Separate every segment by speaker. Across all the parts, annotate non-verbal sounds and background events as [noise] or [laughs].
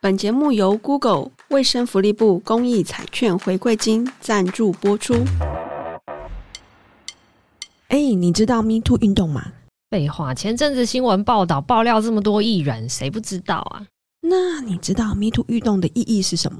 Speaker 1: 本節目由 Google 衛生福利部公益彩券回饋金贊助播出。哎、欸，你知道 Me Too 運動嗎？
Speaker 2: 廢話，前陣子新聞報道爆料這麼多藝人，誰不知道
Speaker 1: 啊？那你知道 Me Too 運動的意義是什麼？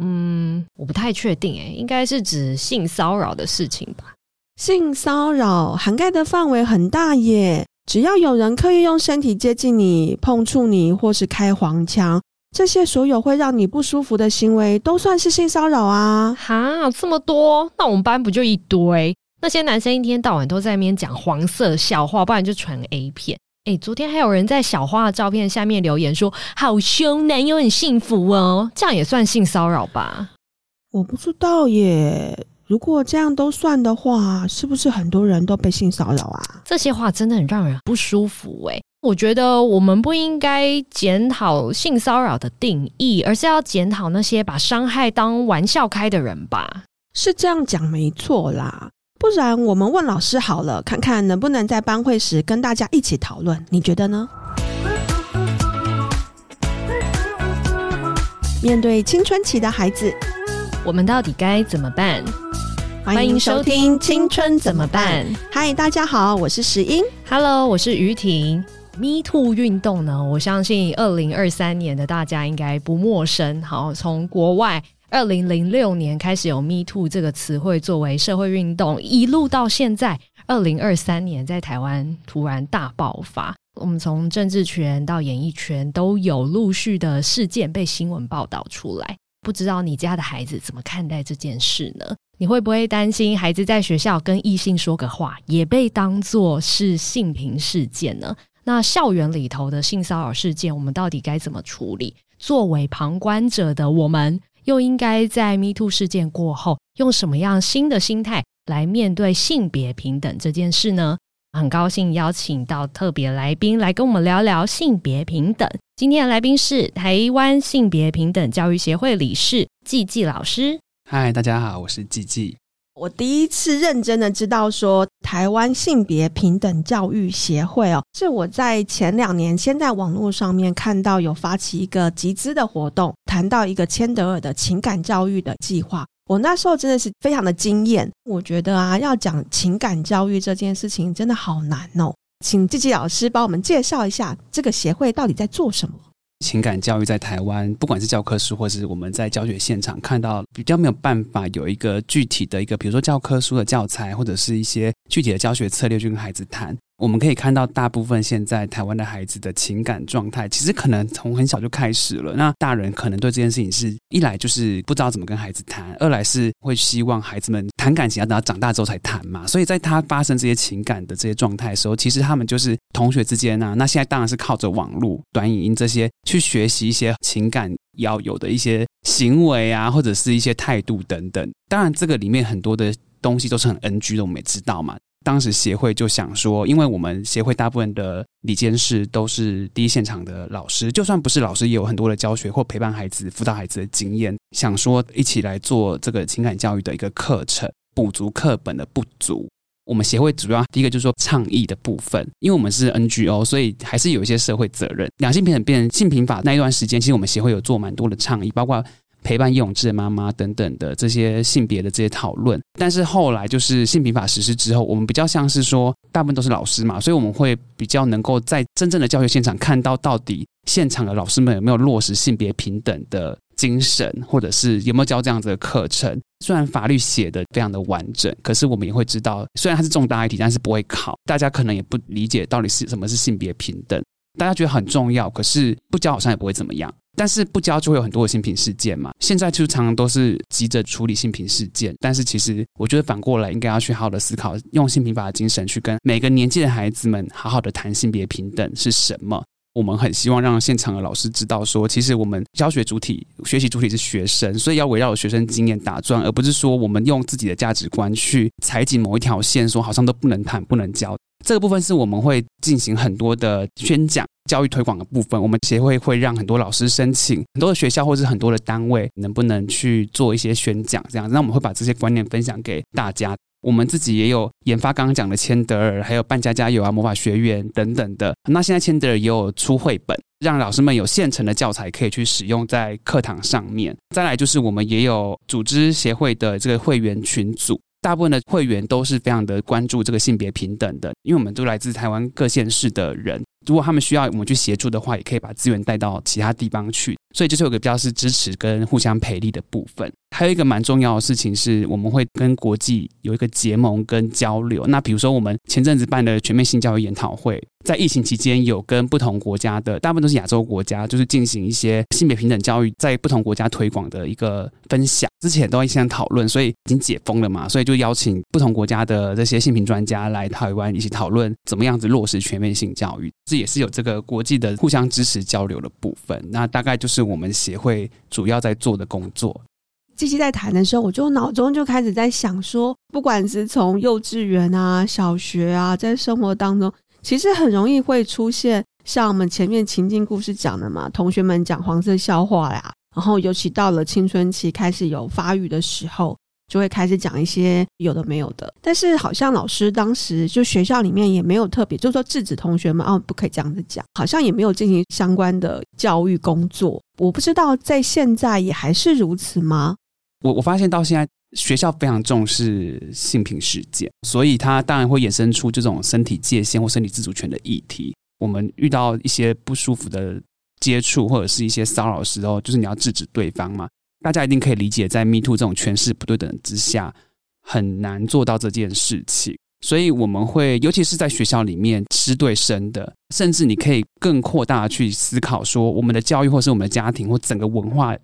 Speaker 1: 嗯，我不太確定，哎，應該是指性騷擾的事情吧。性騷擾涵蓋的範圍很大耶，只要有人刻意用身體接近你、碰觸你，或是開黃腔。這些所有會讓你不舒服的行為，都算是性騷擾啊！
Speaker 2: 哈，這麼多，那我們班不就一堆？那些男生一天到晚都在面講黃色笑話，不然就傳 A 片。哎、欸，昨天還有人在小花的照片下面留言說：“好凶，男友很幸福哦。”這樣也算性騷擾吧？
Speaker 1: 我不知道耶。如果這樣都算的話，是不是很多人都被性騷擾啊？這些話真的很讓人不舒服哎、欸！
Speaker 2: 我覺得我們不應該檢討性騷擾的定義，而是要檢討那些把傷害當玩笑開的人
Speaker 1: 吧。是這樣講沒錯啦，不然我們問老師好了，看看能不能在班會時跟大家一起討論。你覺得呢？面對青春期的孩子。我們到底該怎麼辦？歡迎收聽《青春怎麼辦》麼辦。嗨，Hi, 大家好，
Speaker 2: 我是石英。Hello，我是於婷。Me Too 運動呢？我相信二零二三年的大家應該不陌生。好，從國外二零零六年開始有 Me Too 這個詞彙作為社會運動，一路到現在二零二三年，在台灣突然大爆發。我們從政治圈到演藝圈都有陸續的事件被新聞報道出來。不知道你家的孩子怎麼看待這件事呢？你會不會擔心孩子在學校跟異性說個話，也被當作是性平事件呢？那校園裡頭的性騷擾事件，我們到底該怎麼處理？作為旁觀者的我們，又應該在 Me Too 事件過後，用什麼樣新的心態來面對性別平等這件事呢？很高興邀請到特別來賓來跟我們聊聊性別平等。今天的來賓是台灣性別平等教育協會理事紀紀老師。嗨，
Speaker 1: 大家好，我是紀紀。我第一次認真的知道說台灣性別平等教育協會哦，是我在前兩年先在網絡上面看到有發起一個集資的活動，談到一個千德爾的情感教育的計劃。我那時候真的是非常的驚艷，我覺得啊，要講情感教育這件事情真的好難哦，請紀紀老師幫我們介紹一下這個協會到底在做什麼。
Speaker 3: 情感教育在台灣，不管是教科書，或是我們在教學現場看到，比較沒有辦法有一個具體的一個，比如說教科書的教材，或者是一些具體的教學策略，去跟孩子談。我們可以看到，大部分現在台灣的孩子的情感狀態，其實可能從很小就開始了。那大人可能對這件事情是：一來就是不知道怎麼跟孩子談，二來是會希望孩子們談感情，要等到長大之後才談嘛。所以在他發生這些情感的這些狀態的時候，其實他們就是同學之間啊。那現在當然是靠着網絡、短影音這些去學習一些情感要有的一些行為啊，或者是一些態度等等。當然，這個裡面很多的東西都是很 NG 的，我們也知道嘛。當時協會就想說，因為我們協會大部分的理監事都是第一現場的老師，就算不是老師，也有很多的教學或陪伴孩子、輔導孩子的經驗。想說一起來做這個情感教育的一個課程，補足課本的不足。我們協會主要第一個就是說倡議的部分，因為我們是 NGO，所以還是有一些社會責任。兩性平等變成性平法那一段時間，其實我們協會有做蠻多的倡議，包括陪伴葉永志的媽媽等等的這些性別的這些討論，但是後來就是性平法實施之後，我們比較像是說，大部分都是老師嘛，所以我們會比較能夠在真正的教學現場看到到底現場的老師們有沒有落實性別平等的精神，或者是有沒有教這樣子的課程。雖然法律寫得非常的完整，可是我們也會知道，雖然它是重大議題，但是不會考。大家可能也不理解到底是什麼是性別平等，大家覺得很重要，可是不教好像也不會怎麼樣。但是不教就會有很多的性平事件嘛，現在就常常都是急着處理性平事件。但是其實我覺得反過來應該要去好好的思考，用性平法的精神去跟每個年紀的孩子們好好的談性別平等是什麼。我們很希望讓現場的老師知道說，其實我們教學主體、學習主體是學生，所以要圍繞學生經驗打轉，而不是說我們用自己的價值觀去採集某一條線索，好像都不能談、不能教。這個部分是我們會進行很多的宣講、教育推廣的部分。我們協會會讓很多老師申請，很多的學校或者是很多的單位能不能去做一些宣講這樣，那我們會把這些觀念分享給大家。我們自己也有研發剛剛講的千德爾，還有扮家家遊啊、魔法學院等等的。那現在千德爾也有出繪本，讓老師們有現成的教材可以去使用在課堂上面。再來就是我們也有組織協會的這個會員群組。大部分的會員都是非常的關注這個性別平等的，因為我們都來自台灣各縣市的人。如果他們需要我們去協助的話，也可以把資源帶到其他地方去。所以這是有一個比較是支持跟互相培力的部分。還有一個蠻重要的事情，是我們會跟國際有一個結盟跟交流。那比如說，我們前陣子辦的全面性教育研討會，在疫情期間有跟不同國家的，大部分都是亞洲國家，就是進行一些性別平等教育在不同國家推廣的一個分享。之前都會先討論，所以已經解封了嘛，所以就邀請不同國家的這些性平專家來台灣一起討論怎麼樣子落實全面性教育。這也是有這個國際的互相支持交流的部分。那大概就是我們協會主要在做的工作。
Speaker 1: 紀紀在談的時候，我就腦中就開始在想說，不管是從幼稚園啊、小學啊，在生活當中，其實很容易會出現像我們前面情境故事講的嘛，同學們講黃色笑話呀，然後尤其到了青春期開始有發育的時候，就會開始講一些有的沒有的。但是好像老師當時就學校裡面也沒有特別，就說制止同學們啊不可以這樣子講，好像也沒有進行相關的教育工作。我不知道在現在也還是如此嗎？
Speaker 3: 我我發現到現在，學校非常重視性侵性平事件，所以它當然會衍生出這種身體界限或身體自主權的議題。我們遇到一些不舒服的接觸或者是一些騷擾的時候，就是你要制止對方嘛。大家一定可以理解，在 Me Too 這種權勢不對等之下，很難做到這件事情。所以我們會，尤其是在學校裡面師對生的，甚至你可以更擴大去思考，說我們的教育或是我們的家庭或整個文化。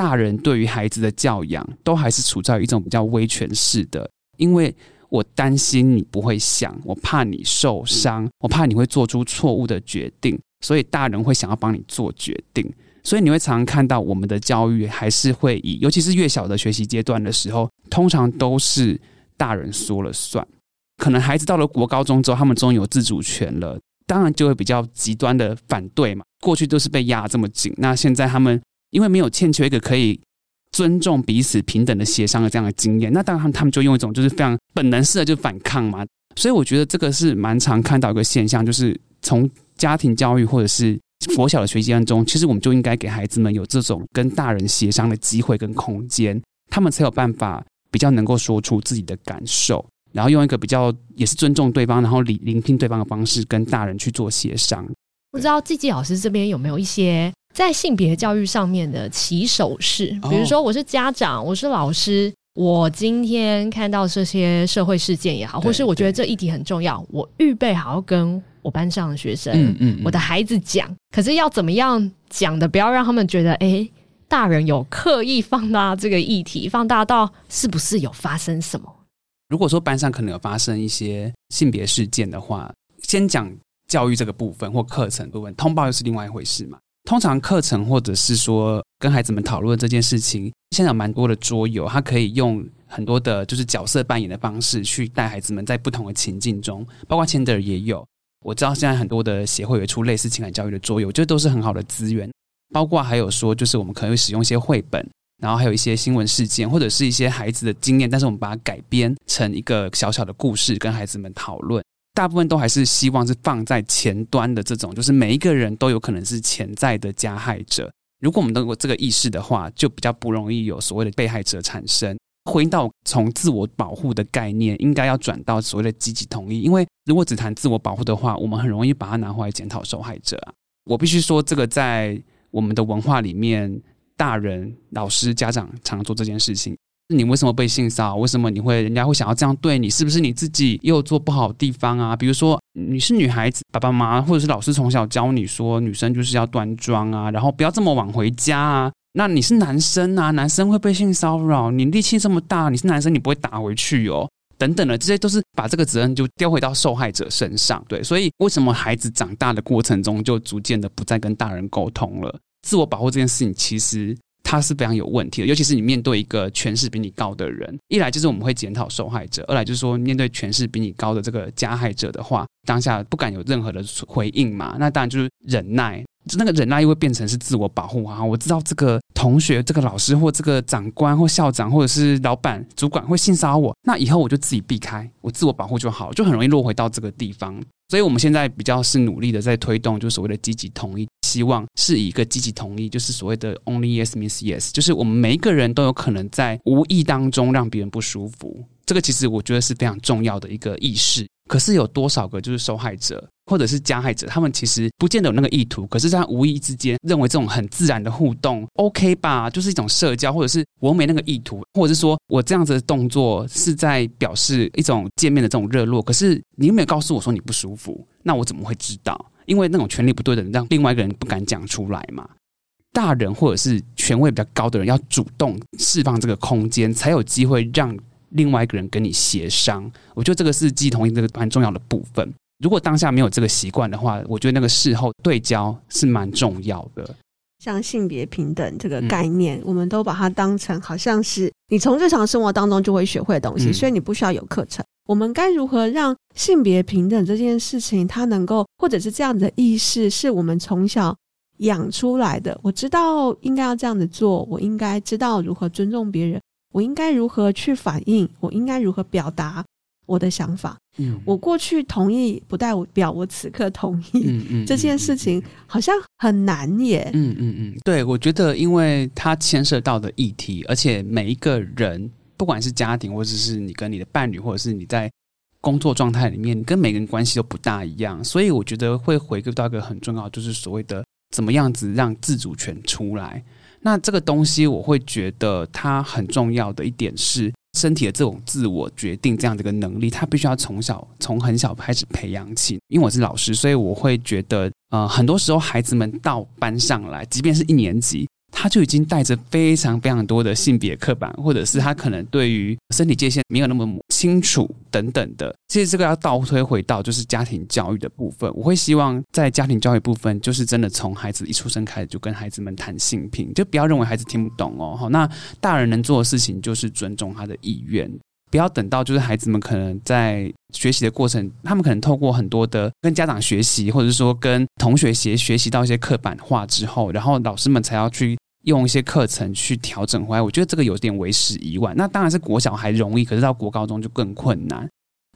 Speaker 3: 大人對於孩子的教養，都還是處在於一種比較威權式的，因為我擔心你不會想，我怕你受傷，我怕你會做出錯誤的決定，所以大人會想要幫你做決定，所以你會常常看到我們的教育還是會以，尤其是越小的學習階段的時候，通常都是大人說了算，可能孩子到了國高中之後，他們終於有自主權了，當然就會比較極端的反對嘛，過去都是被壓這麼緊，那現在他們。因為沒有欠缺一個可以尊重彼此平等的協商的這樣的經驗，那當然他們就用一種就是非常本能式的就反抗嘛。所以我覺得這個是蠻常看到一個現象，就是從家庭教育或者是國小的學習當中，其實我們就應該給孩子們有這種跟大人協商的機會跟空間，他們才有辦法比較能夠說出自己的感受，然後用一個比較也是尊重對方，然後聆聆聽對方的方式跟大人去做協商。
Speaker 2: 不知道紀紀老師這邊有沒有一些？在性別教育上面的起手式，比如說我是家長，我是老師，我今天看到這些社會事件也好，或是我覺得這議題很重要，我預備好要跟我班上的學生，嗯嗯，嗯，我的孩子講，可是要怎麼樣講的？不要讓他們覺得，哎、欸，大人有刻意放大這個議題，放大到是不是有發生什麼？
Speaker 3: 如果說班上可能有發生一些性別事件的話，先講教育這個部分或課程部分，通報又是另外一回事嘛。通常課程或者是說跟孩子們討論這件事情，現在有蠻多的桌遊，它可以用很多的，就是角色扮演的方式去帶孩子們在不同的情境中，包括 k 德爾也有。我知道現在很多的協會有出類似情感教育的桌遊，就都是很好的資源。包括還有說，就是我們可能會使用一些繪本，然後還有一些新聞事件或者是一些孩子的經驗，但是我們把它改編成一個小小的故事，跟孩子們討論。大部分都還是希望是放在前端的這種，就是每一個人都有可能是潛在的加害者。如果我們都有這個意識的話，就比較不容易有所謂的被害者產生。回到從自我保護的概念，應該要轉到所謂的積極同意。因為如果只談自我保護的話，我們很容易把它拿回來檢討受害者啊。我必須說，這個在我們的文化裡面，大人、老師、家長常做這件事情。你為什麼被性騷擾？為什麼你會人家會想要這樣對你？是不是你自己又做不好的地方啊？比如說你是女孩子，爸爸媽媽或者是老師從小教你說女生就是要端莊啊，然後不要這麼晚回家啊。那你是男生啊，男生會被性騷擾，你力氣這麼大，你是男生你不會打回去哦，等等的，這些都是把這個責任就丟回到受害者身上。對，所以為什麼孩子長大的過程中就逐漸的不再跟大人溝通了？自我保護這件事情其實。他是非常有問題的，尤其是你面對一個權勢比你高的人，一來就是我們會檢討受害者，二來就是說，面對權勢比你高的這個加害者的話，當下不敢有任何的回應嘛，那當然就是忍耐，就那個忍耐又會變成是自我保護啊。我知道這個同學、這個老師或這個長官或校長或者是老闆主管會性騷擾我，那以後我就自己避開，我自我保護就好，就很容易落回到這個地方。所以我們現在比較是努力的在推動，就所謂的積極同意。希望是以一個積極同意，就是所謂的 only yes means yes，就是我們每一個人都有可能在無意當中讓別人不舒服。這個其實我覺得是非常重要的一個意識。可是有多少個就是受害者或者是加害者，他們其實不見得有那個意圖，可是他無意之間認為這種很自然的互動 OK 吧，就是一種社交，或者是我沒那個意圖，或者是說我這樣子的動作是在表示一種見面的這種熱絡。可是你又沒有告訴我說你不舒服，那我怎麼會知道？因為那種權力不對等，讓另外一個人不敢講出來嘛。大人或者是權位比較高的人，要主動釋放這個空間，才有機會讓另外一個人跟你協商。我覺得這個是積極同意這個蠻重要的部分。如果當下沒有這個習慣的話，我覺得那個事後對焦是蠻重要的。
Speaker 1: 像性別平等這個概念，我們都把它當成好像是你從日常生活當中就會學會的東西，所以你不需要有課程。我們該如何讓？性別平等這件事情，它能夠或者是這樣的意識，是我們從小養出來的。我知道應該要這樣子做，我應該知道如何尊重別人，我應該如何去反應，我應該如何表達我的想法。嗯，我過去同意不代表我此刻同意。嗯嗯，嗯，嗯，嗯，這件事情好像很難耶。嗯嗯
Speaker 3: 嗯，對，我覺得因為它牽涉到的議題，而且每一個人，不管是家庭，或者是你跟你的伴侶，或者是你在。工作狀態裡面，跟每個人關係都不大一樣，所以我覺得會回歸到一個很重要，就是所謂的怎麼樣子讓自主權出來。那這個東西，我會覺得它很重要的一點是，身體的這種自我決定這樣的一個能力，它必須要從小從很小開始培養起。因為我是老師，所以我會覺得，呃，很多時候孩子們到班上來，即便是一年級。他就已經帶着非常非常多的性別刻板，或者是他可能對於身體界限沒有那麼清楚等等的。其實這個要倒推回到就是家庭教育的部分。我會希望在家庭教育部分，就是真的從孩子一出生開始就跟孩子們談性平，就不要認為孩子聽不懂哦。好，那大人能做的事情就是尊重他的意願。不要等到就是孩子們可能在學習的過程，他們可能透過很多的跟家長學習，或者是說跟同學學學習到一些刻板化之後，然後老師們才要去用一些課程去調整回來。我覺得這個有點為時已晚。那當然是國小還容易，可是到國高中就更困難。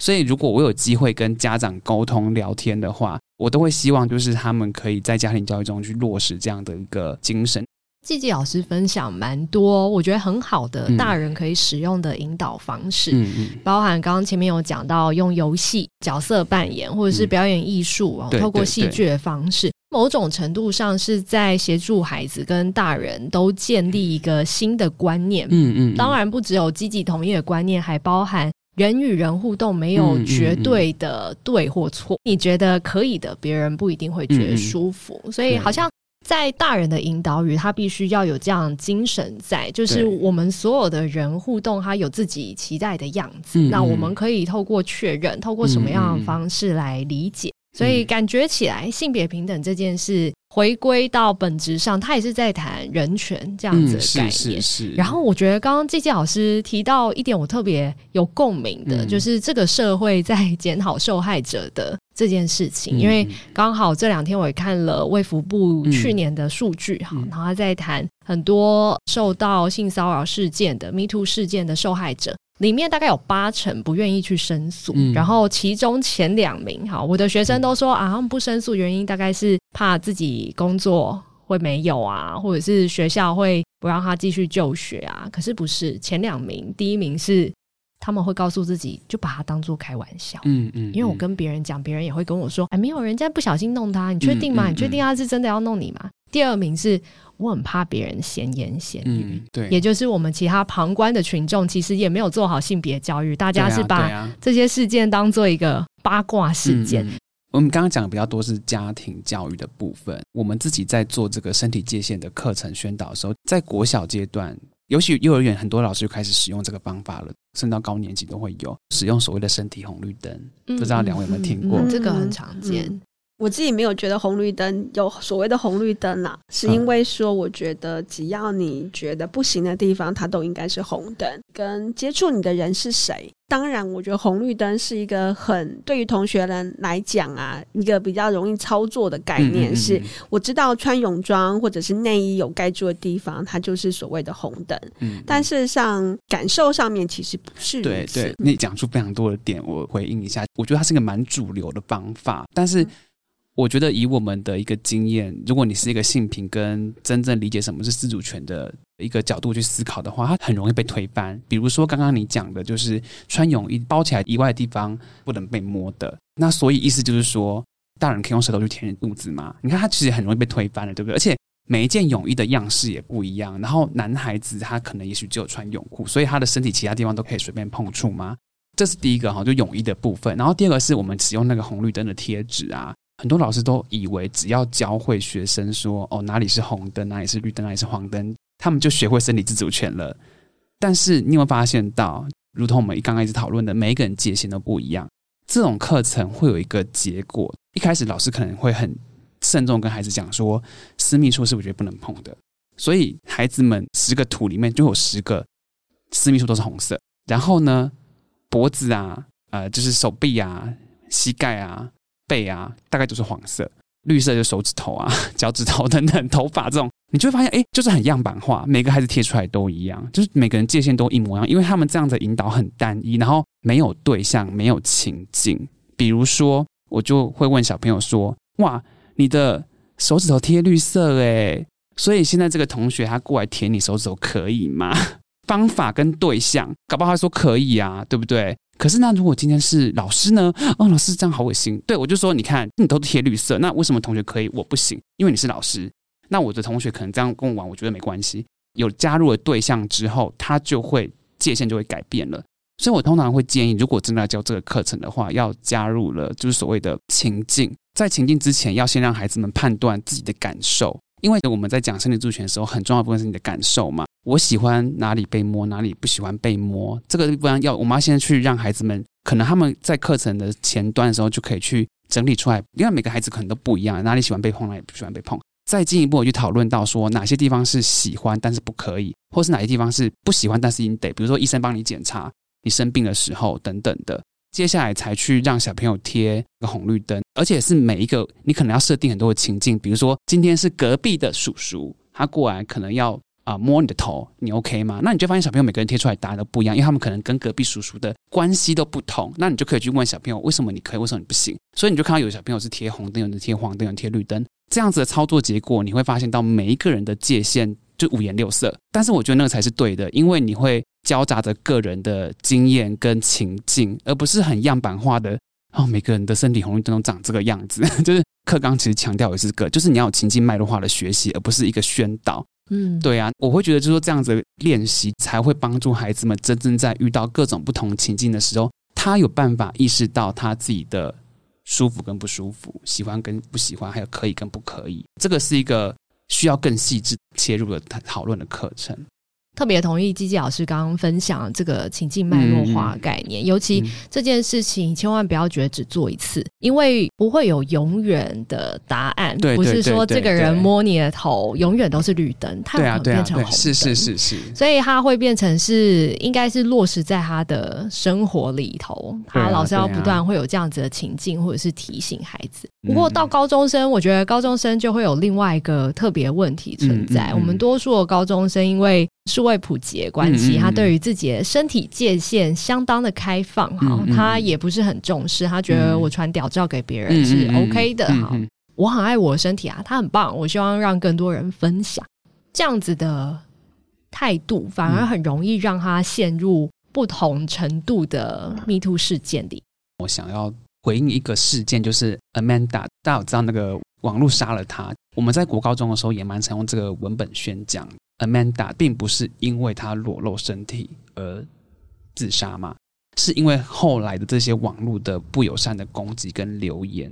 Speaker 3: 所以如果我有機會跟家長溝通聊天的話，我都會希望就是他們可以在家庭教育中去落實這樣的一個精神。
Speaker 2: 紀紀老師分享蠻多、哦，我覺得很好的大人可以使用的引導方式，嗯嗯嗯、包含剛剛前面有講到用遊戲、角色扮演或者是表演藝術哦、嗯，透過戲劇的方式，某種程度上是在協助孩子跟大人都建立一個新的觀念。嗯嗯，嗯，嗯，當然不只有積極同意的觀念，還包含人與人互動沒有絕對的對或錯。嗯嗯嗯、你覺得可以的，別人不一定會覺得舒服，嗯嗯嗯、所以好像。在大人的引導語，他必須要有這樣精神在，就是我們所有的人互動，他有自己期待的樣子。那我們可以透過確認嗯嗯，透過什麼樣的方式來理解？所以感覺起來，性別平等這件事，嗯、回歸到本質上，它也是在談人權這樣子的概念。嗯、然後我覺得剛剛紀紀老師提到一點，我特別有共鳴的、嗯，就是這個社會在檢討受害者的這件事情。嗯、因為剛好這兩天我也看了衛福部去年的數據哈、嗯，然後他在談很多受到性騷擾事件的 Me Too 事件的受害者。裡面大概有八成不願意去申訴、嗯，然後其中前兩名哈，我的學生都說、嗯、啊，他們不申訴原因大概是怕自己工作會沒有啊，或者是學校會不讓他繼續就學啊。可是不是前兩名，第一名是他們會告訴自己就把它當做開玩笑，嗯嗯，嗯，因為我跟別人講，別人也會跟我說，哎，沒有，人家不小心弄他，你確定嗎？嗯嗯嗯、你確定他是真的要弄你嗎？第二名是我很怕別人閒言閒語、嗯，對，也就是我們其他旁觀的群眾，其實也沒有做好性別教育，大家是把這些事件當做一個八卦事件。
Speaker 3: 嗯、我們剛剛講的比較多是家庭教育的部分，我們自己在做這個身體界限的課程宣導的時候，在國小階段，尤其幼兒園，很多老師就開始使用這個方法了，升到高年級都會有使用所謂的身體紅綠燈，不、嗯、知道兩位有沒有聽過？嗯嗯嗯、這個很常見。嗯
Speaker 1: 我自己沒有覺得紅綠燈有所謂的紅綠燈啦、啊，是因為說我覺得只要你覺得不行的地方，它都應該是紅燈。跟接觸你的人是誰，當然我覺得紅綠燈是一個很對於同學們來講啊，一個比較容易操作的概念是。是、嗯嗯嗯嗯，我知道穿泳裝或者是內衣有蓋住的地方，它就是所謂的紅燈。嗯，嗯，但事實上感受上面其實不是。對對，
Speaker 3: 那你講出非常多的點，我回應一下。我覺得它是一個蠻主流的方法，但是。嗯我覺得以我們的一個經驗，如果你是一個性平跟真正理解什麼是自主權的一個角度去思考的話，它很容易被推翻。比如說剛剛你講的，就是穿泳衣包起來以外的地方不能被摸的，那所以意思就是說，大人可以用舌頭去舔肚子嗎？你看它其實很容易被推翻的，對不對？而且每一件泳衣的樣式也不一樣，然後男孩子他可能也許只有穿泳褲，所以他的身體其他地方都可以隨便碰觸嗎？這是第一個哈，就泳衣的部分。然後第二個是我們使用那個紅綠燈的貼紙啊。很多老師都以為只要教會學生說“哦，哪裡是紅燈，哪裡是綠燈，哪裡是黃燈”，他們就學會身體自主權了。但是你有沒有發現到，如同我們剛開始討論的，每一個人界限都不一樣。這種課程會有一個結果，一開始老師可能會很慎重跟孩子講說：“私密處是我覺得不能碰的。”所以孩子們十個圖裡面就有十個私密處都是紅色。然後呢，脖子啊，呃，就是手臂啊，膝蓋啊。背啊，大概就是黃色、綠色就是手指頭啊、腳趾頭等等，頭髮這種，你就會發現，哎、欸，就是很樣板化，每個孩子貼出來都一樣，就是每個人界限都一模一樣，因為他們這樣子引導很單一，然後沒有對象，沒有情境。比如說，我就會問小朋友說：“哇，你的手指頭貼綠色、欸，哎，所以現在這個同學他過來貼你手指頭，可以嗎？方法跟對象，搞不好他說可以啊，對不對？”可是，那如果今天是老師呢？哦，老師這樣好惡心。對我就說，你看你、嗯、都貼綠色，那為什麼同學可以，我不行？因為你是老師。那我的同學可能這樣跟我玩，我覺得沒關係。有加入了對象之後，他就會界限就會改變了。所以我通常會建議，如果真的要教這個課程的話，要加入了就是所謂的情境，在情境之前要先讓孩子們判斷自己的感受。因為我們在講身體自主權的時候，很重要的部分是你的感受嘛。我喜歡哪裡被摸，哪裡不喜歡被摸，這個不然要我媽現在去讓孩子們，可能他們在課程的前端的時候就可以去整理出來。因為每個孩子可能都不一樣，哪裡喜歡被碰，哪裡不喜歡被碰。再進一步去討論到說哪些地方是喜歡但是不可以，或是哪些地方是不喜歡但是你得，比如說醫生幫你檢查，你生病的時候等等的。接下來才去讓小朋友貼個紅綠燈，而且是每一個你可能要設定很多的情境，比如說今天是隔壁的叔叔，他過來可能要啊、呃、摸你的頭，你 OK 嗎？那你就發現小朋友每個人貼出來答案都不一樣，因為他們可能跟隔壁叔叔的關係都不同。那你就可以去問小朋友為什麼你可以，為什麼你不行？所以你就看到有小朋友是貼紅燈，有的貼黃燈，有的貼綠燈，這樣子的操作結果，你會發現到每一個人的界限就五顏六色。但是我覺得那個才是對的，因為你會。交雜着個人的經驗跟情境，而不是很樣板化的。哦，每個人的身體紅綠燈都長這個樣子，就是課綱其實強調也是個，就是你要有情境脈絡化的學習，而不是一個宣導。嗯，對啊，我會覺得就是說這樣子練習才會幫助孩子們真正在遇到各種不同情境的時候，他有辦法意識到他自己的舒服跟不舒服，喜歡跟不喜歡，還有可以跟不可以。這個是一個需要更細緻切入的討論的課程。
Speaker 2: 特別同意紀紀老師剛剛分享這個情境脈絡化概念。嗯，尤其這件事情千萬不要覺得只做一次，嗯、因為不會有永遠的答案。對對對對，不是說這個人摸你的頭，永遠都是綠燈，對對對對，他可能變成紅燈。對對對
Speaker 3: 對是，是是是是，
Speaker 2: 所以他會變成是，應該是落實在他的生活裡頭，啊、他老是要不斷會有這樣子的情境，或者是提醒孩子。啊啊、不過到高中生，啊，我覺得高中生就會有另外一個特別問題存在。啊啊、我們多數的高中生因為數位普及的關係、嗯嗯嗯，他對於自己的身體界限，相當的開放哈、嗯嗯，他也不是很重視，他覺得我傳屌照給別人是 OK 的哈、嗯嗯嗯嗯，我很愛我的身體啊，他很棒，我希望讓更多人分享這樣子的態度，反而很容易讓他陷入不同程度的 MeToo 事件裡。我想
Speaker 3: 要回應一個事件，就是 Amanda，大家有知道那個網絡殺了他？我們在國高中的時候也蠻常用這個文本宣講。Amanda 並不是因為她裸露身體而自殺嗎？是因為後來的這些網絡的不友善的攻擊跟留言。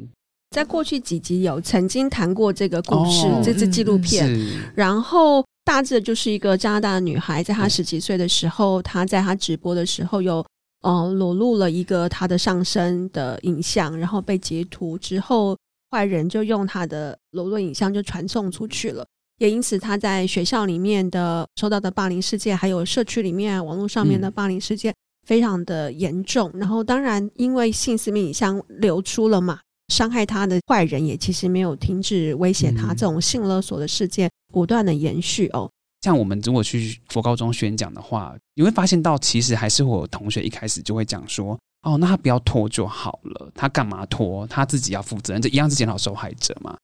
Speaker 1: 在過去幾集有曾經談過這個故事，oh, 這支紀錄片，嗯。然後大致就是一個加拿大的女孩，在她十幾歲的時候，她在她直播的時候有呃裸露了一個她的上身的影像，然後被截圖之後，壞人就用她的裸露影像就傳送出去了。也因此，他在學校裡面的受到的霸凌事件，還有社區裡面、網絡上面的霸凌事件，非常的嚴重。然後，當然，因為性私密影像流出了嘛，傷害他的壞人也其實沒有停止威脅他，這種性勒索的事件不斷的延續哦、嗯。
Speaker 3: 像我們如果去國高中宣講的話，你會發現到其實還是我同學一開始就會講說：“哦，那他不要脫就好了，他幹嘛脫？他自己要負責任，這一樣是檢討受害者嘛。”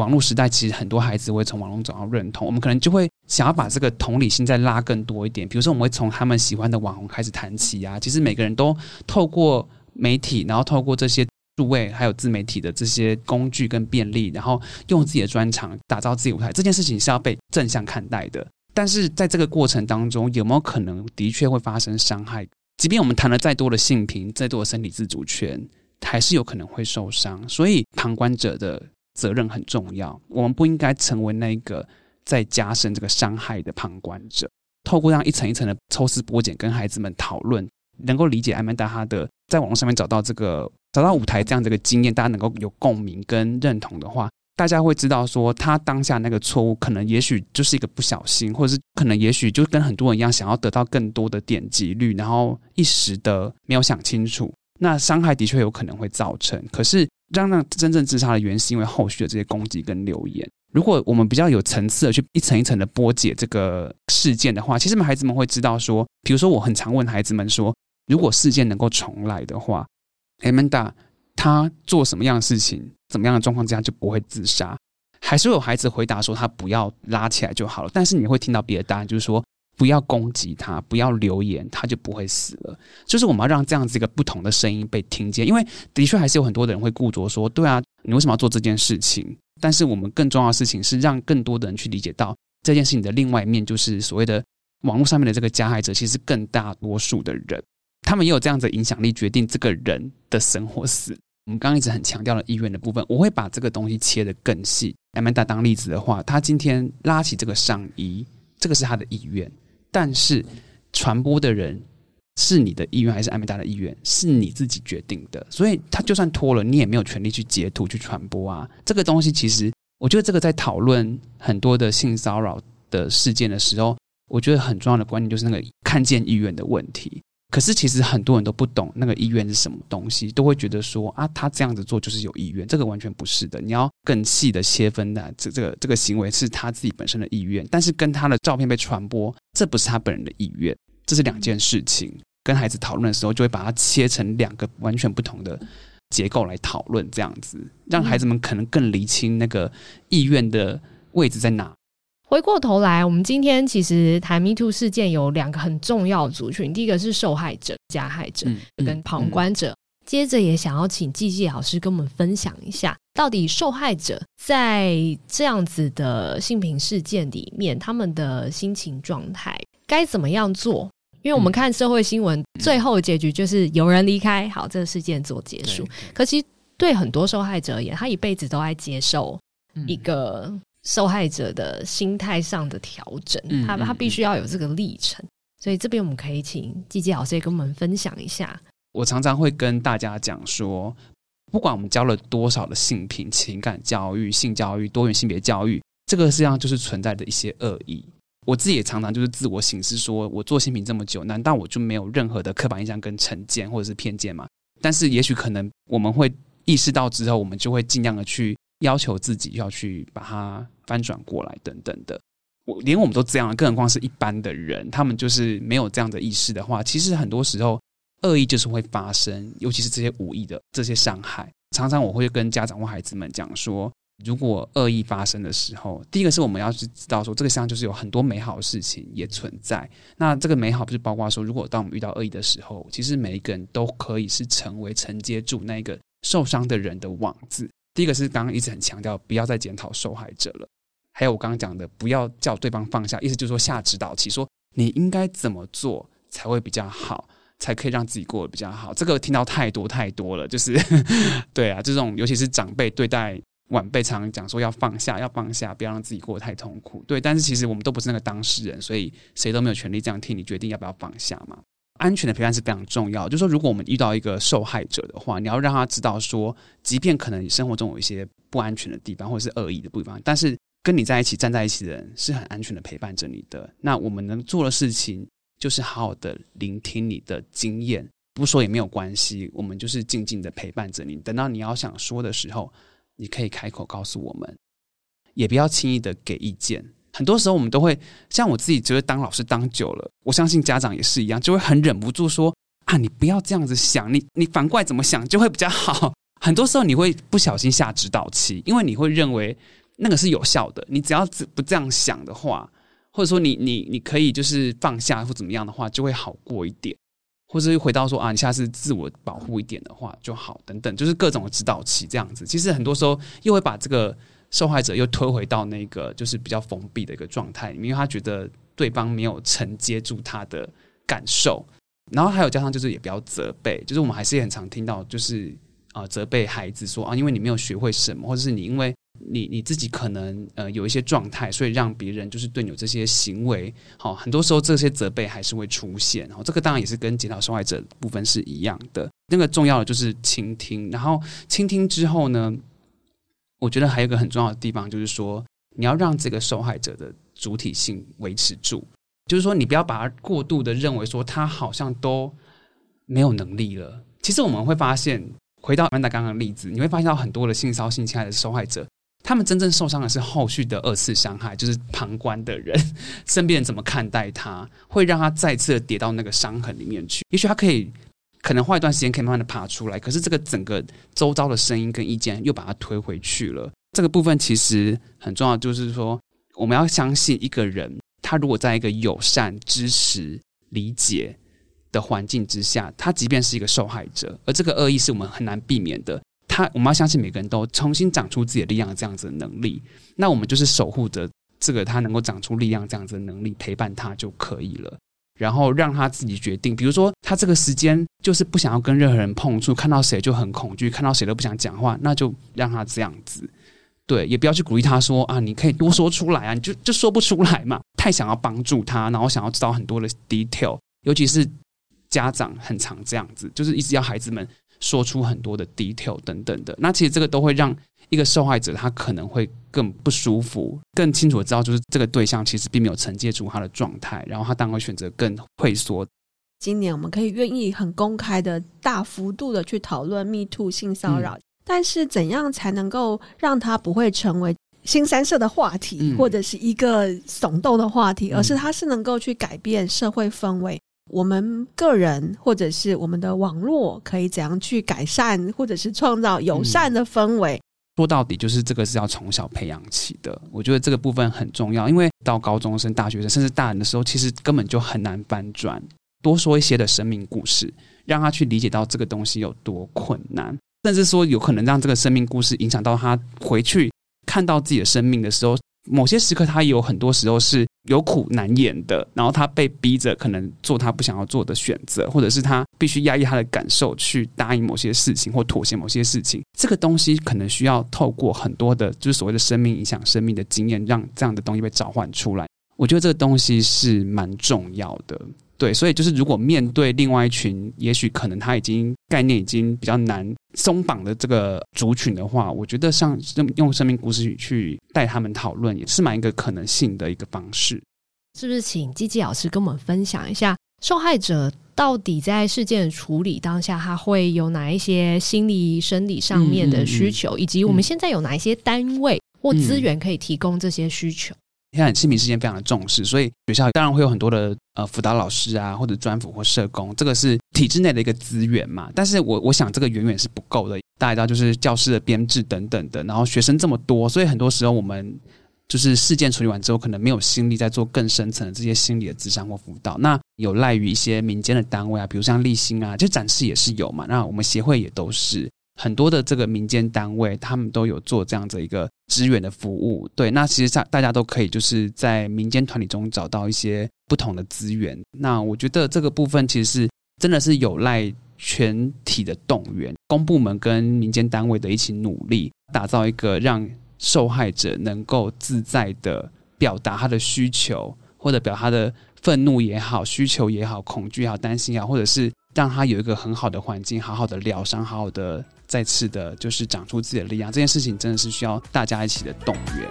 Speaker 3: 網絡時代，其實很多孩子會從網絡找到認同，我們可能就會想要把這個同理心再拉更多一點。比如說，我們會從他們喜歡的網紅開始談起啊。其實每個人都透過媒體，然後透過這些數位還有自媒體的這些工具跟便利，然後用自己的專長打造自己舞台，這件事情是要被正向看待的。但是在這個過程當中，有沒有可能的確會發生傷害？即便我們談了再多的性平，再多的身體自主權，還是有可能會受傷。所以旁觀者的。責任很重要，我們不應該成為那個在加深這個傷害的旁觀者。透過這樣一層一層的抽絲剝繭，跟孩子們討論，能夠理解艾曼達她的在網絡上面找到這個找到舞台這樣的一個經驗，大家能夠有共鳴跟認同的話，大家會知道說他當下那個錯誤，可能也許就是一個不小心，或者是可能也許就跟很多人一樣，想要得到更多的點擊率，然後一時的沒有想清楚，那傷害的確有可能會造成，可是。讓那真正自殺的原因是因為後續的這些攻擊跟留言。如果我們比較有層次的去一層一層的剝解這個事件的話，其實我們孩子們會知道說，比如說我很常問孩子們說，如果事件能夠重來的話，Amanda 他做什麼樣的事情，怎麼樣的狀況之下就不會自殺，還是會有孩子回答說他不要拉起來就好了。但是你會聽到別的答案，就是說。不要攻擊他，不要留言，他就不會死了。就是我們要讓這樣子一個不同的聲音被聽見，因為的確還是有很多的人會固著說，對啊，你為什麼要做這件事情？但是我們更重要的事情是，讓更多的人去理解到這件事情的另外一面，就是所謂的網絡上面的這個加害者，其實更大多數的人，他們也有這樣子的影響力，決定這個人的生或死。我們剛剛一直很強調了意願的部分，我會把這個東西切得更細。艾曼達當例子的話，他今天拉起這個上衣，這個是他的意願。但是，傳播的人是你的意願還是安米達的意願，是你自己決定的。所以，他就算脫了，你也沒有權利去截圖去傳播啊。這個東西，其實我覺得這個在討論很多的性騷擾的事件的時候，我覺得很重要的觀念就是那個看見意願的問題。可是其實很多人都不懂那個意願是什麼東西，都會覺得說啊，他這樣子做就是有意願，這個完全不是的。你要更細的切分的，這、這個、這個行為是他自己本身的意願，但是跟他的照片被傳播，這不是他本人的意願，這是兩件事情。嗯。跟孩子討論的時候，就會把它切成兩個完全不同的結構來討論，這樣子讓孩子們可能更釐清那個意願的位置在哪。
Speaker 2: 回過頭來，我們今天其實談 Me Too 事件有兩個很重要的族群，第一個是受害者、加害者、嗯嗯、跟旁觀者。嗯、接着也想要請紀紀老師跟我們分享一下，到底受害者在這樣子的性平事件裡面，他們的心情狀態該怎麼樣做？因為我們看社會新聞、嗯，最後結局就是有人離開，好，這個事件做結束。對對對，可是對很多受害者而言，他一輩子都在接受一個。受害者的心態上的調整，他、嗯嗯、他必須要有這個歷程，所以這邊我們可以請紀紀老師也跟我們分享一下。
Speaker 3: 我常常會跟大家講說，不管我們教了多少的性平、情感教育、性教育、多元性別教育，這個實際上就是存在的一些惡意。我自己也常常就是自我省思說，我做性平這麼久，難道我就沒有任何的刻板印象跟成見或者是偏見嗎？但是也許可能我們會意識到之後，我們就會盡量的去。要求自己要去把它翻轉過來，等等的我。我連我們都這樣，更何況是一般的人。他們就是沒有這樣的意識的話，其實很多時候惡意就是會發生。尤其是這些無意的這些傷害，常常我會跟家長或孩子們講說，如果惡意發生的時候，第一個是我們要去知道說，這個世界上就是有很多美好的事情也存在。那這個美好不是包括說，如果當我們遇到惡意的時候，其實每一個人都可以是成為承接住那個受傷的人的網子。第一個是剛剛一直很強調，不要再檢討受害者了。還有我剛剛講的，不要叫對方放下，意思就是說下指導棋，說你應該怎麼做才會比較好，才可以讓自己過得比較好。這個聽到太多太多了，就是 [laughs] 對啊，這種尤其是長輩對待晚輩，常常講說要放下，要放下，不要讓自己過得太痛苦。對，但是其實我們都不是那個當事人，所以誰都沒有權利這樣替你決定要不要放下嘛。安全的陪伴是非常重要。就是說，如果我們遇到一個受害者的話，你要讓他知道說，即便可能你生活中有一些不安全的地方或者是惡意的地方，但是跟你在一起站在一起的人是很安全的陪伴着你的。那我們能做的事情就是好好的聆聽你的經驗，不說也沒有關係。我們就是靜靜的陪伴着你，等到你要想說的時候，你可以開口告訴我們，也不要輕易的給意見。很多時候我們都會像我自己，覺得當老師當久了，我相信家長也是一樣，就會很忍不住說啊，你不要這樣子想，你你反過來怎麼想就會比較好。很多時候你會不小心下指導棋，因為你會認為那個是有效的，你只要不這樣想的話，或者說你你你可以就是放下或怎麼樣的話，就會好過一點，或者回到說啊，你下次自我保護一點的話就好，等等，就是各種指導棋這樣子。其實很多時候又會把這個。受害者又推回到那個就是比較封閉的一個狀態，因為他覺得對方沒有承接住他的感受，然後還有加上就是也比較責備，就是我們還是也很常聽到就是啊、呃、責備孩子說，啊，因為你沒有學會什麼，或者是你因為你你自己可能呃有一些狀態，所以讓別人就是對你有這些行為好、哦，很多時候這些責備還是會出現。然後、哦、這個當然也是跟檢討受害者的部分是一樣的，那個重要的就是傾聽，然後傾聽之後呢？我覺得還有一個很重要的地方，就是說你要讓這個受害者的主體性維持住，就是說你不要把他過度的認為說他好像都沒有能力了。其實我們會發現，回到曼達剛剛的例子，你會發現到很多的性騷擾、性侵害的受害者，他們真正受傷的是後續的二次傷害，就是旁觀的人、身邊人怎麼看待他，會讓他再次跌到那個傷痕裡面去。也許他可以。可能花一段時間可以慢慢的爬出來，可是這個整個周遭的聲音跟意見又把它推回去了。這個部分其實很重要，就是說我們要相信一個人，他如果在一個友善、支持、理解的環境之下，他即便是一個受害者，而這個惡意是我們很難避免的。他我們要相信每個人都重新長出自己的力量，這樣子的能力，那我們就是守護着這個他能夠長出力量這樣子的能力，陪伴他就可以了。然後讓他自己決定，比如說他這個時間就是不想要跟任何人碰觸，看到誰就很恐懼，看到誰都不想講話，那就讓他這樣子，對，也不要去鼓勵他說啊，你可以多說出來啊，你就就說不出來嘛，太想要幫助他，然後想要知道很多的 detail，尤其是家長很常這樣子，就是一直要孩子們說出很多的 detail 等等的，那其實這個都會讓一個受害者他可能會。更不舒服，更清楚的知道，就是這個對象其實並沒有承接住他的狀態，然後他當然會選擇更退縮。
Speaker 1: 今年我們可以願意很公開的、大幅度的去討論 Me Too 性騷擾，嗯、但是怎樣才能夠讓它不會成為新三色的話題，嗯，或者是一個聳動的話題，而是它是能夠去改變社會氛圍，嗯、我們個人或者是我們的網絡可以怎樣去改善，或者是創造友善的氛圍？嗯
Speaker 3: 說到底，就是這個是要從小培養起的。我覺得這個部分很重要，因為到高中生、大學生甚至大人的時候，其實根本就很難翻轉。多說一些的生命故事，讓他去理解到這個東西有多困難，甚至說有可能讓這個生命故事影響到他回去看到自己的生命的時候。某些時刻，他有很多時候是有苦難言的，然後他被逼着可能做他不想要做的選擇，或者是他必須壓抑他的感受去答應某些事情或妥協某些事情。這個東西可能需要透過很多的，就是所謂的生命影響生命的經驗，讓這樣的東西被召喚出來。我覺得這個東西是蠻重要的。對，所以就是如果面對另外一群，也許可能他已經概念已經比較難鬆綁的這個族群的話，我覺得像用生命故事語去帶他們討論，也是蠻一個可能性的一個方式，
Speaker 2: 是不是？請紀紀老師跟我們分享一下，受害者到底在事件處理當下，他會有哪一些心理、生理上面的需求、嗯嗯嗯，以及我們現在有哪一些單位或資源可以提供這些需求。嗯嗯
Speaker 3: 很性平事件非常的重視，所以學校當然會有很多的呃輔導老師啊，或者專輔或社工，這個是體制內的一個資源嘛。但是我我想這個遠遠是不夠的，大家知道就是教師的編制等等的，然後學生這麼多，所以很多時候我們就是事件處理完之後，可能沒有心力再做更深層的這些心理的諮商或輔導。那有賴於一些民間的單位啊，比如像勵馨啊，就展翅也是有嘛。那我們協會也都是。很多的這個民間單位，他們都有做這樣的一個支援的服務。對，那其實大家都可以就是在民間團體中找到一些不同的資源。那我覺得這個部分其實是真的是有賴全體的動員，公部門跟民間單位的一起努力，打造一個讓受害者能夠自在的表達他的需求，或者表他的憤怒也好、需求也好、恐懼也好、擔心也好，或者是。讓他有一個很好的環境，好好的療傷，好好的再次的，就是長出自己的力量。這件事情真的是需要大家一起的動員。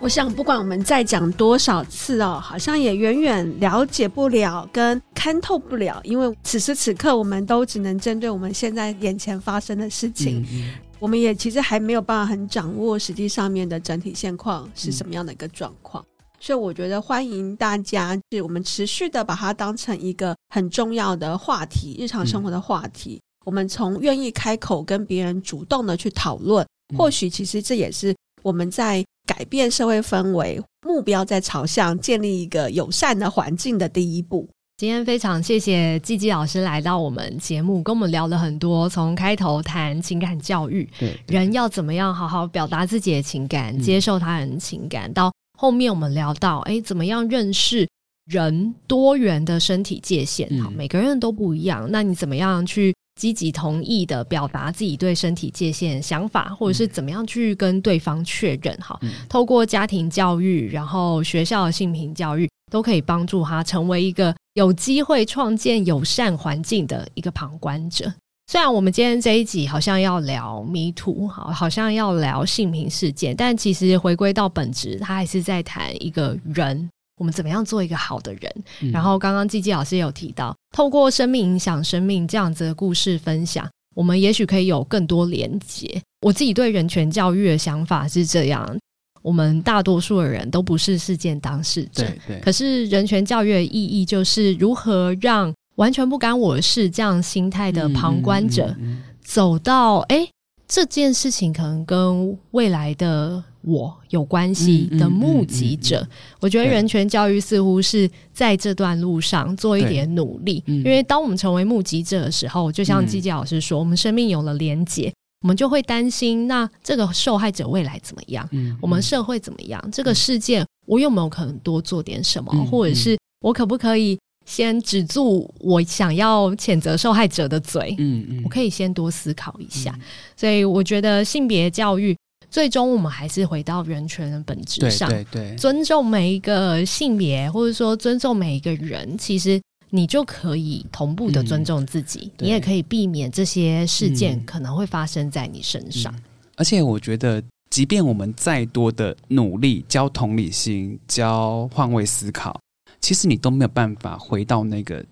Speaker 1: 我想，不管我們再講多少次哦，好像也遠遠了解不了，跟看透不了，因為此時此刻，我們都只能針對我們現在眼前發生的事情。嗯。我們也其實還沒有辦法很掌握實際上面的整體現況是什麼樣的一個狀況。嗯。所以我覺得歡迎大家，是我們持續的把它當成一個。很重要的話題，日常生活的話題，嗯，我們從願意開口跟別人主動的去討論，嗯，或許其實這也是我們在改變社會氛圍，目標在朝向建立一個友善的環境的第一步。今天非常謝謝
Speaker 2: 紀紀老師來到我們節目，跟我們聊了很多，從開頭談情感教育，
Speaker 1: 嗯，人
Speaker 2: 要怎麼樣好好表達自己的情感，嗯、接受他人的情感，到後面我們聊到，哎，怎麼樣認識。人多元的身體界限，哈，每個人都不一樣、嗯。那你怎麼樣去積極同意地表達自己對身體界限想法，或者是怎麼樣去跟對方確認？哈、嗯，透過家庭教育，然後學校的性平教育，都可以幫助他成為一個有機會創建友善環境的一個旁觀者。雖然我們今天這一集好像要聊 MeToo，好，好像要聊性平事件，但其實回歸到本質，他還是在談一個人。我們怎麼樣做一個好的人？嗯、然後剛剛紀紀老師也有提到，透過生命影響生命這樣子的故事分享，我們也許可以有更多連接。我自己對人權教育的想法是這樣：我們大多數的人都不是事件當事者，對對，可是人權教育的意義就是如何讓完全不干我的事這樣心態的旁觀者，走到哎、嗯嗯嗯嗯欸、這件事情可能跟未來的。我有關係的目擊者、嗯嗯嗯嗯嗯，我覺得人權教育似乎是在這段路上做一點努力。嗯、因為當我們成為目擊者的時候，就像紀紀老師說、嗯，我們生命有了連結，我們就會擔心那這個受害者未來怎麼樣，嗯嗯、我們社會怎麼樣，嗯、這個事件我有沒有可能多做點什麼、嗯嗯，或者是我可不可以先止住我想要譴責受害者的嘴、嗯嗯？我可以先多思考一下。嗯嗯、所以我覺得性別教育。最終，我們還是回到人權的本質上，對對對，尊重每一個性別，或者說尊重每一個人，其實你就可以同步的尊重自己，嗯、你也可以避免這些事件可能會發生在你身上。
Speaker 3: 嗯嗯、而且，我覺得，即便我們再多的努力，教同理心，教換位思考，其實你都沒有辦法回到那個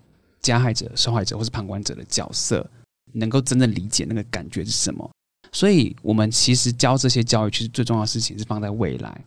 Speaker 3: 加害者、受害者或是旁觀者的角色，能夠真的理解那個感覺是什麼。所以我們其實教這些教育，其實最重要的事情是放在未來。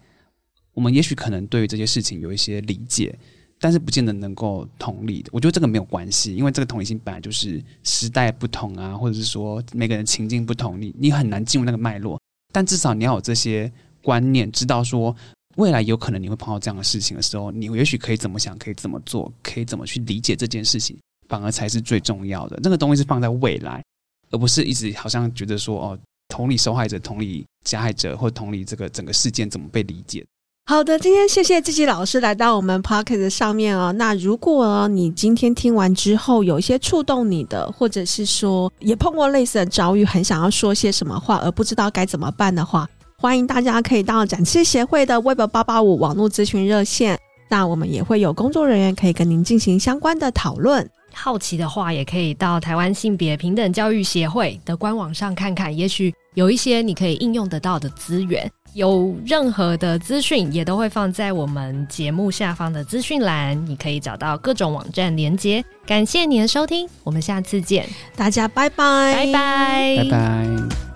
Speaker 3: 我們也許可能對於這些事情有一些理解，但是不見得能夠同理的。我覺得這個沒有關係，因為這個同理心本來就是時代不同啊，或者是說每個人情境不同，你你很難進入那個脈絡。但至少你要有這些觀念，知道說未來有可能你會碰到這樣的事情的時候，你也許可以怎麼想，可以怎麼做，可以怎麼去理解這件事情，反而才是最重要的。那個東西是放在未來，而不是一直好像覺得說哦。同理受害者，同理加害者，或同理這個整個事件怎麼被理解。
Speaker 1: 好的，今天謝謝紀紀老師來到我們 Podcast 上面哦。那如果、哦、你今天聽完之後有一些觸動你的，或者是說也碰過類似的遭遇，很想要說些什麼話而不知道該怎麼辦的話，歡迎大家可以到展翅協會的 Web 八八五網絡諮詢熱線，那我們也會有工作人員可以跟您進行相關的討論。
Speaker 2: 好奇的話，也可以到台灣性別平等教育協會的官網上看看，也許有一些你可以應用得到的資源。有任何的資訊，也都會放在我們節目下方的資訊欄，你可以找到各種網站連結。感謝您的收聽，我們下次見，大家拜拜，拜拜，拜拜。